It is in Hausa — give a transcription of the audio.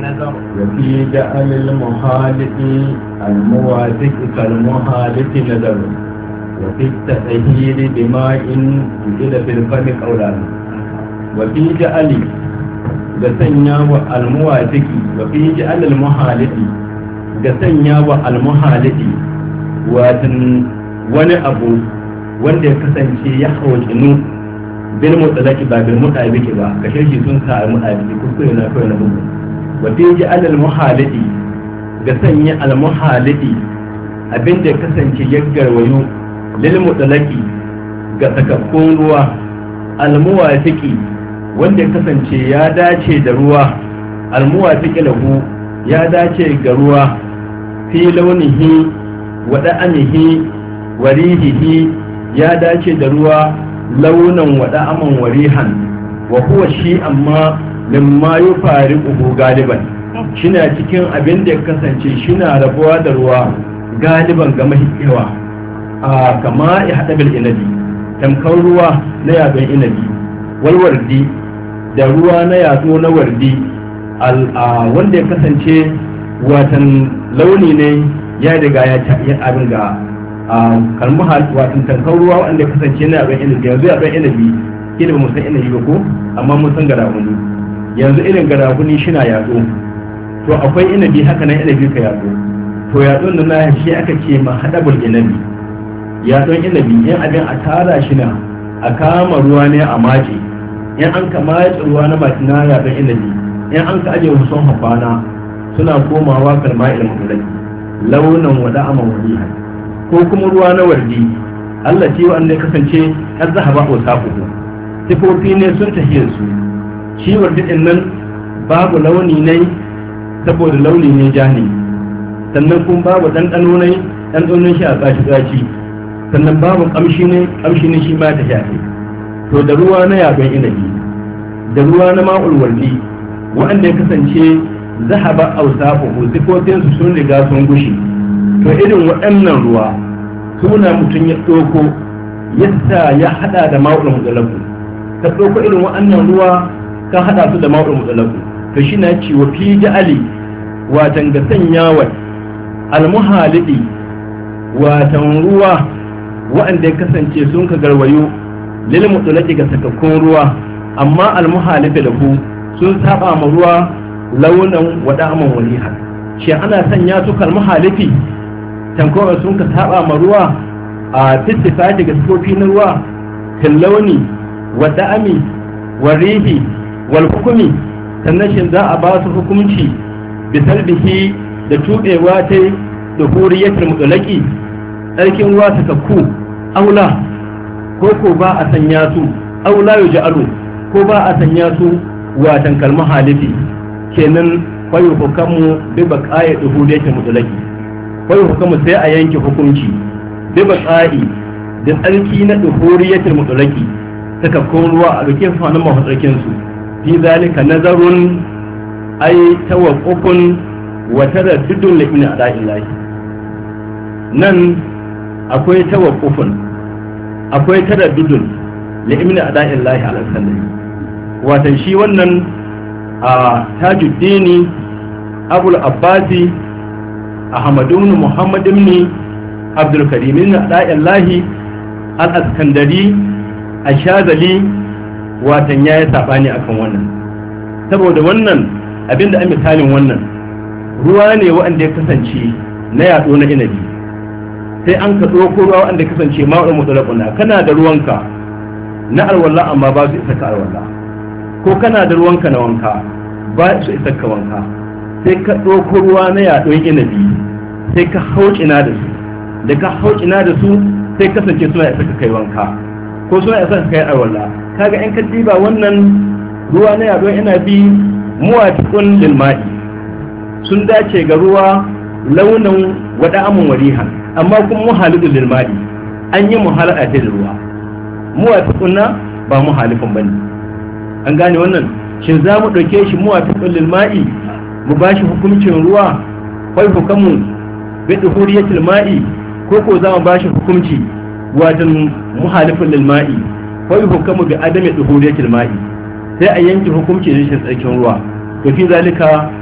النظر وفي جعل المخالف الموافق كالمخالف نظر وفي التأهيل بماء جعل في الفم قولان وفي جعل جسنيا والموافق وفي جعل المخالف جسنيا والمخالف واتن wani abu wanda ya kasance ya hawajinu bil mutsalaki ba bil mutabiki ba kashe shi sun sa al mutabiki kuskure na kawai na bugu wa bihi alal ga sanya al abinda kasance ya garwayo lil mutalaki ga sakakkun ruwa al wanda kasance ya dace da ruwa al muwafiqi lahu ya dace ga ruwa fi launihi wa da'amihi wa rihihi ya dace da ruwa launan wa da'aman warihan wa huwa shi amma mimma yi fari uku galiban shina cikin abin da ya kasance shina rabuwa da ruwa galiban ga mahikewa a kama ya haɗa bil inabi tamkar ruwa na yatsun inabi walwardi da ruwa na yatsu na wardi wanda ya kasance watan launi ne ya riga ya abin ga kalmu watan tankar ruwa wanda ya kasance na yatsun inabi yanzu yatsun inabi kila ba mu san inabi ba ko amma mun san gara wani yanzu irin garaguni shina yatsu to akwai inabi haka nan inabi ka yatsu to yatsun da na shi aka ce ma hadabul inabi yatsun inabi in abin a tara shi na a kama ruwa ne a maji in an ka maji ruwa na maji na yatsun inabi in an ka ajiye sun hafana suna komawa kalma ilmu mulaki launin wada a mawadiya ko kuma ruwa na wardi Allah ce wa kasance har zahaba ko safu sifofi ne sun tahiyar su Ciwon wardiɗin nan babu launi ne saboda launi ne ja ne sannan kuma babu ɗanɗano ne ɗanɗanon shi a tsaci-tsaci sannan babu ƙamshi ne ƙamshi ne shi ma ta shafe to da ruwa na yaɓen inabi da ruwa na ma'ulwalli waɗanda ya kasance zahaba ko sifofinsu sun riga sun gushi. to irin waɗannan ruwa suna mutum ya ɗauko yadda ya haɗa da ma'ulwalli ta ɗauko irin waɗannan ruwa ka hada su da ma'ul mutalaku to shi na ce wa fi ja'ali watan ga wa almuhalidi watan ruwa wa'anda ya kasance sun ka garwayo lil mutalaki ga sakakkun ruwa amma almuhalifi da ku sun saba ma ruwa launan wada'aman waliha shi ana sanya su kalmuhalifi tankowar sun ka saba ma ruwa a tattifa daga sufofi na ruwa kan launi wa da'ami wa rihi wal hukumi sannan shin za a ba su hukunci bisalbihi da tubewa ta da huriyatul mutlaqi ruwa wasu kakku aula ko ko ba a sanya su aula yu ja'alu ko ba a sanya su watan kalma halifi kenan fayu hukamu bi baqa'i duhuliyatul mutlaqi fayu hukamu sai a yanke hukunci bi baqa'i da tsarki na duhuliyatul mutlaqi ta kon ruwa a duke fanan mahaukakin su fi zalika nazarun ai tawaqqufun wa taraddudun li ibn ada'illahi nan akwai tawaqqufun akwai taraddudun li ibn ada'illahi ala sallai watan shi wannan a tajuddini abul abbasi ahmadu ibn muhammad ibn abdul karim ibn ada'illahi al-askandari ashazali watan ya yi saɓani a kan wannan saboda wannan abinda an misalin wannan ruwa ne waɗanda ya kasance na yaɗo na inabi sai an ka ɗauko ruwa waɗanda ya kasance ma'aurin mutsalakuna kana da ruwanka na alwala amma ba su isa ka alwala ko kana da ruwanka na wanka ba su isa ka wanka sai ka ɗauko ruwa na yaɗon inabi sai ka hauƙina da su da ka hauƙina da su sai kasance suna isa ka kai wanka ko suna isa su kai arwalla kaga in ka diba wannan ruwa na yaɗo ina bi muwafiqun lil ma'i sun dace ga ruwa launin wada amun wariha amma kuma muhalidu lil ma'i an yi muhalada da ruwa muwafiqun na ba muhalifin bane an gane wannan shin za mu ɗauke shi muwafiqun lil ma'i mu ba shi hukuncin ruwa kwai hukamu bi duhuriyatil ma'i ko ko za mu ba shi hukunci wajen muhalifin lilma'i wani hukamu bi adam ya tsuhuriyar sai a yanki hukunci ne rashin tsarkin ruwa to fi zalika